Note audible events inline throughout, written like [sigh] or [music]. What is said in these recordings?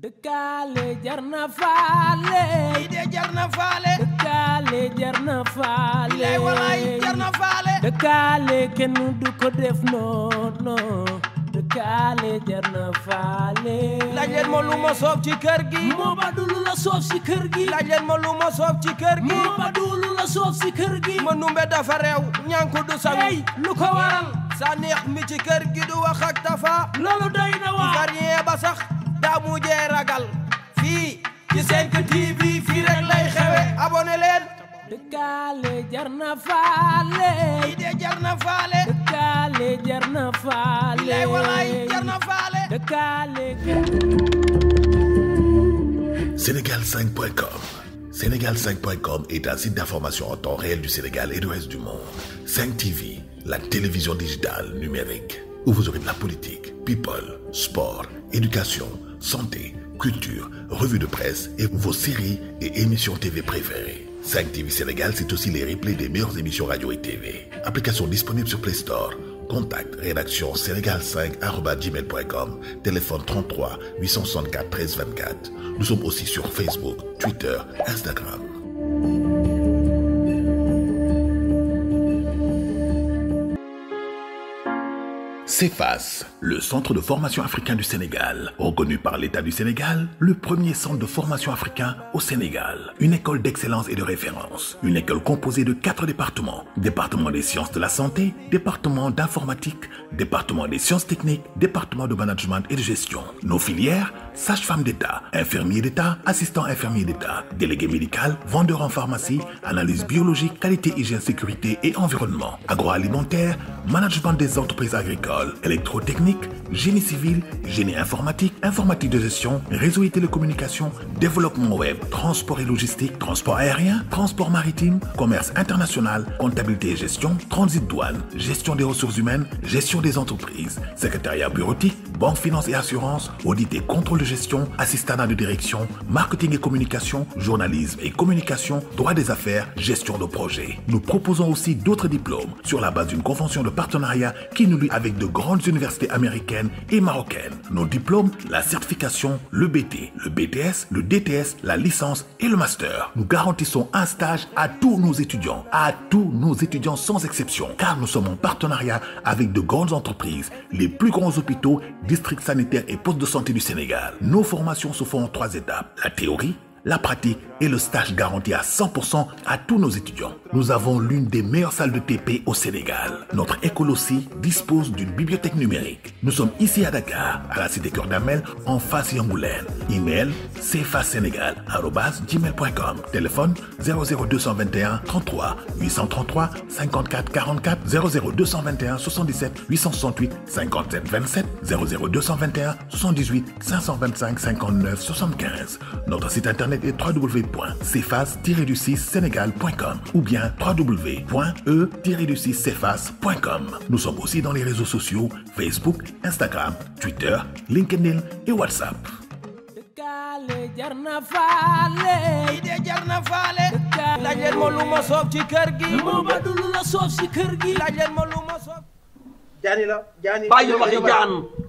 dëkkaale jar na faale. lii de jar na faale. dëkkaale jar dëkkaale kenn du ko def non dëkkaale jar na ma lu ma soof ci kër gi. moo ba du la soof ci kër gi. laaj gi. kër gi. dafa réew. ñànku du sang. hey lu ko waral. sa neex mi ci kër gi du wax ak tafa. loolu doy na waa. varié ba sax. ragal 5 TV rek lay abonné Sénégal5.com Sénégal5.com est un site d'information en temps réel du Sénégal et du reste du monde. 5 TV, la télévision digitale numérique, où vous aurez de la politique, people, sport, éducation santé, culture, revue de presse et vos séries et émissions TV préférées. 5 TV Sénégal, c'est aussi les replays des meilleures émissions radio et TV. Application disponible sur Play Store. Contact rédaction sénégal @gmail.com. téléphone 33 864 13 24. Nous sommes aussi sur Facebook, Twitter, Instagram. CEFAS, le centre de formation africain du Sénégal, reconnu par l'État du Sénégal, le premier centre de formation africain au Sénégal, une école d'excellence et de référence, une école composée de quatre départements, département des sciences de la santé, département d'informatique, département des sciences techniques, département de management et de gestion. Nos filières sage-femme d'État, infirmier d'État, assistant infirmier d'État, délégué médical, vendeur en pharmacie, analyse biologique, qualité, hygiène, sécurité et environnement, agroalimentaire, management des entreprises agricoles, électrotechnique, génie civil, génie informatique, informatique de gestion, réseau et télécommunications, développement web, transport et logistique, transport aérien, transport maritime, commerce international, comptabilité et gestion, transit douane, gestion des ressources humaines, gestion des entreprises, secrétariat bureautique, banque finance et assurance, audit et contrôle de gestion, assistante de direction, marketing et communication, journalisme et communication, droit des affaires, gestion de projet. Nous proposons aussi d'autres diplômes sur la base d'une convention de partenariat qui nous lie avec de grandes universités américaines et marocaines. Nos diplômes, la certification, le BT, le BTS, le DTS, la licence et le master. Nous garantissons un stage à tous nos étudiants, à tous nos étudiants sans exception, car nous sommes en partenariat avec de grandes entreprises, les plus grands hôpitaux, districts sanitaires et postes de santé du Sénégal nos formations se font en trois étapes. La théorie, la pratique et le stage garantis à 100% à tous nos étudiants. Nous avons l'une des meilleures salles de TP au Sénégal. Notre école aussi dispose d'une bibliothèque numérique. Nous sommes ici à Dakar, à la cité Cœur d'Amel, en face Yangoulène. Email cfasénégal.com. Téléphone 00221 33 833 54 44 00221 77 868 57 27 00221 78 525 59 75. Notre site internet et du 6 sénégalcom ou bien wwwe du 6 Nous sommes aussi dans les réseaux sociaux Facebook, Instagram, Twitter, LinkedIn et WhatsApp.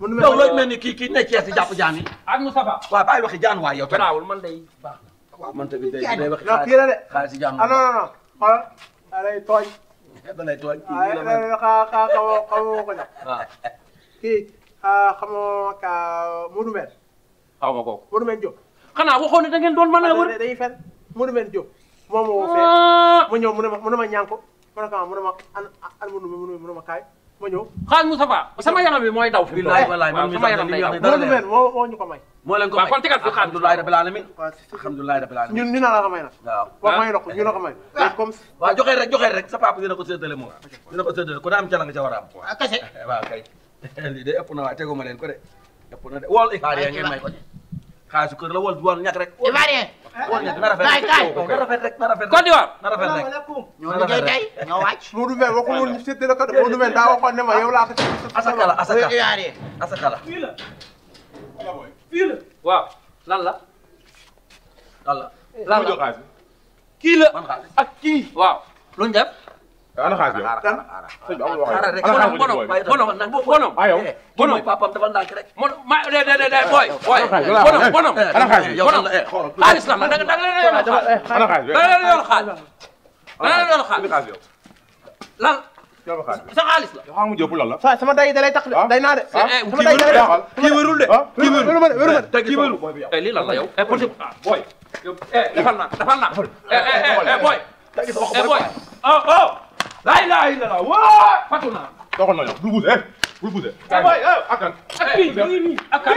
yow looy na ni kii kii ne Cees si jàpp jaan yi. ak Moustapha waaw bàyyi waxi jaan waay yow. garaawul man day baax na. waaw man tamit day day la mel. ah, [laughs] ah xa xamoo ko jox. waaw ah. kii ah, xamoo ka Modou Mbène. xaw ma kooku Modou Mbène da ngeen dool mën a wër. dañuy fen Modou moom moo woo mu ñëw mu ne ma mu ne ma ñaan ko mu ne ko ah mu ne mu ne kaay ma ñëw xaalis Moustapha sama yaram bi mooy daw. billaay wallaay man mi sama yaram day daw moo ñu mel moo moo ñu ko may. moo leen ko may kon tegal fi xaalis alhamdulilah rabbil alamin alhamdulilah rabbil alamin ñun ñu na la ko may nag. waaw waaw may na ko ah. ñu na ko may. Ah. comme waaw joxe rek joxe rek sa papa dina ko séddale moom. dina ko séddale ku ne am cala nga ca war a am. waaw ah, kese [laughs] waaw kay [laughs] lii de ëpp na waaye teguma leen ko de ëpp na de wol i xaar yaa ngeen may ko xaalisu kër la wol eh, wol ñàkk rek. ivoirien. wol ñàkk na rafet rek na rafet rek na rafet rek. Côte d'Ivoire na rafet rek. ñoo liggéey [laughs] la la. fii waaw lan la. lan la. waaw lu ana xaas yow kan sëñ bi amul wax xaaral rek bonom bonom bonom ayo bonom papam dafa ndànk rek ma de de de boy boy bonom bonom ana xaas yow xaalis la da nga leen yoon xaalis ana xaas da nga leen yoon xaalis da nga leen yoon xaalis yow lan sa xaalis la xam mu jëpp lan la sa sama day dalay tax day naa de sama day dalay tax kii wérul de kii wérul wérul kii wérul lii lan la yow eh pour boy eh defal naa defal naa eh eh boy eh boy oh oh laa ilaaha illallaah waa fatu naa. doxal naa ñor bul buuse bul buuse. ak kan ak kii nii ak kan.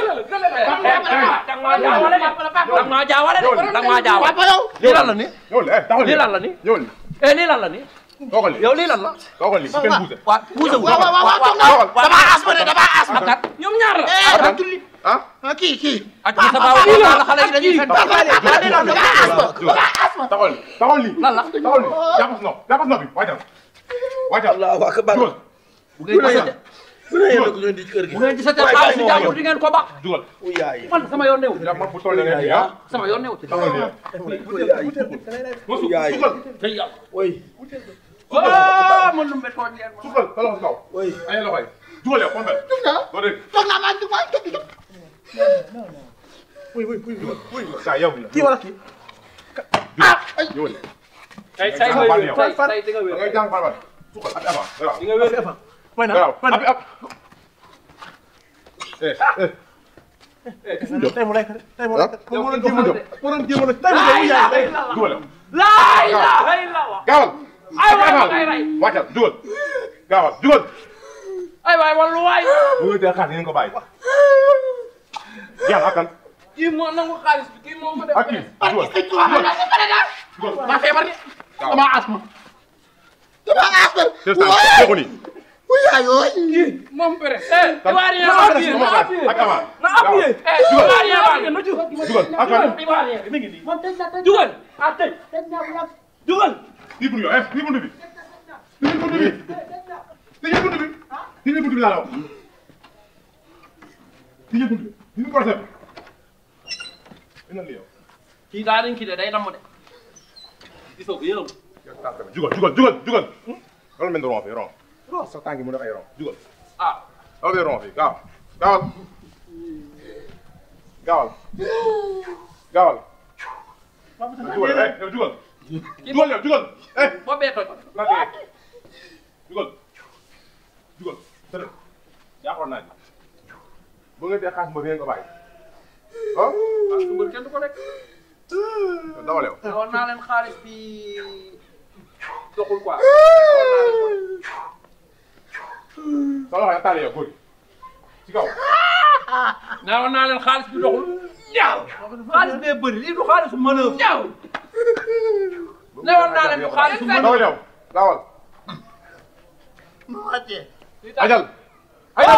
ah kii kii. ak kii sa baaw la xale yi dañuy fen. asma taxawal taxawal lii. lan la taxawal lii jàppas nopp jàppas nopp bi waajal. waajal allahu akbar. bu ngeen bu ngeen yëngu ñu di kër gi. bu ngeen gisatee xaalis si jàmbur di ngeen ko baax. dugal yaay man sama yoon néew. man bu toll nii ah sama yoon néew. taxawal lii ah. yaay oy. waaw man lu mu méttoo ak yéen. sukkal sa loxo kaw. oy ay loxo yi. dugal yow kon benn. toog naa toog naa maa non non wuy wuy wuy wuy saa yow la kii wala kii ah ay yow la ay say nga wér far far say nga wér ngay jàng far far sukkal ab avant waaw nga wér avant mooy na man ab ab eh eh tey mu lekk tey mu lekk ko mo non jéem a jóg mo non jéem a jóg tey mu jóg yaay dugal la ilaha illallah gaawal ay waay wàccal dugal gaawal dugal ay waay wala waay bu ñu te xaar ni ko bàyyi Yalla iya, iya, eh, kan ki ya, mo nangu xaliss mau ki mo ko itu apa? ki ma febar iya. ni asma dama asma ko ni Uya yo ki mom pere eh wari ya wari ak ama na appuyé eh ya wari no ju jugal ak wari mi ngi ni mom tej la tej jugal ah tej tej na bu nak jugal ni bu yo eh ni bu ñu ko seet. dina li yow. kii daa dañ kii de day damm de. gisoo ko yërëm. jugal jugal jugal jugal. loolu mel ni ron fii ron. ron sa tànk mu def ay ron jugal. ah loolu day ron fii gaaw gaawal. gaawal. gaawal. jugal jugal. jugal yow jugal. eh boo bee toj. bu nga dee xaas ma nga bàyyi ah. parce que mbër kenn du ko lekk. dawale wu. woon naa leen xaalis bi doxul quoi. soo waxee taale yow góor ci kaw. naa woon naa leen xaalis bi doxul. ñaaw xaalis bee bëri lii du xaalis manœuvre. ñaaw. ne woon naa leen du xaalis manœuvre. dawale wu dawal. mu wàccee. ajal. ajal.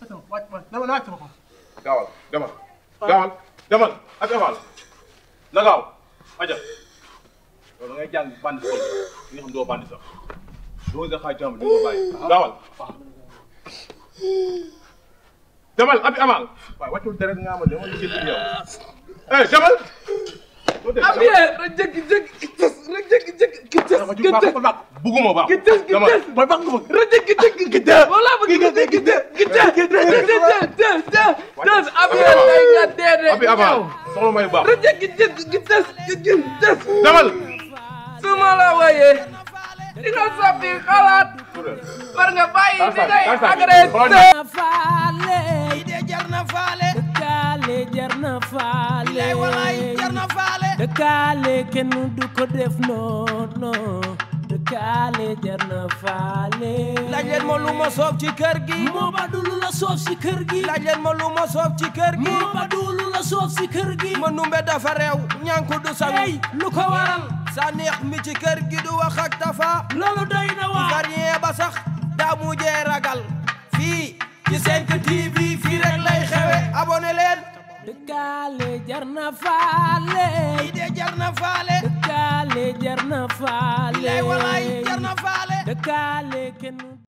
wàcc ma dama wàcc ma ko. gaawal demal. gaawal demal ak Eval na gaaw aja loolu ngay jàng bandi xool nga xam doo bandi sax doo nga xaaj jàmm doo ko bàyyi gaawal demal abi amal waaye wàccul deret nga amal dama jël yow eh demal am yee ra jëkki jëkki ki tës ra jëkki jëkki ki tës ki tës bugguma baax ki tës ki tës mooy baax nga bëgg ra jëkki jëkki ki tës wala bëgg ki tës ki tës ki tës ki tës tës tës tës am yee day nga dee rek abi avant soxla may baax ra jëkki jëkki ki tës ki tës demal su ma la wooyee di nga soppi xalaat war nga bàyyi di ngay agressé jar na faale jar na faale dëkkaale kenn du ko def non non dëkkaale jar na faale. laaj ma lu ma soof ci kër gi. moo ba la soof ci kër gi. laaj ma lu moo dafa réew ñànku du sangu. lu ko waral. sa neex mi ci kër gi du wax ak tafa. loolu doy na waa ivoirien ba sax daa mujjee ragal. fii ci 5TV fii rek lay xewe abonné leen. dëkkaale jar na faale yi de jar na faale dëkkaale jar na faale yi de kenn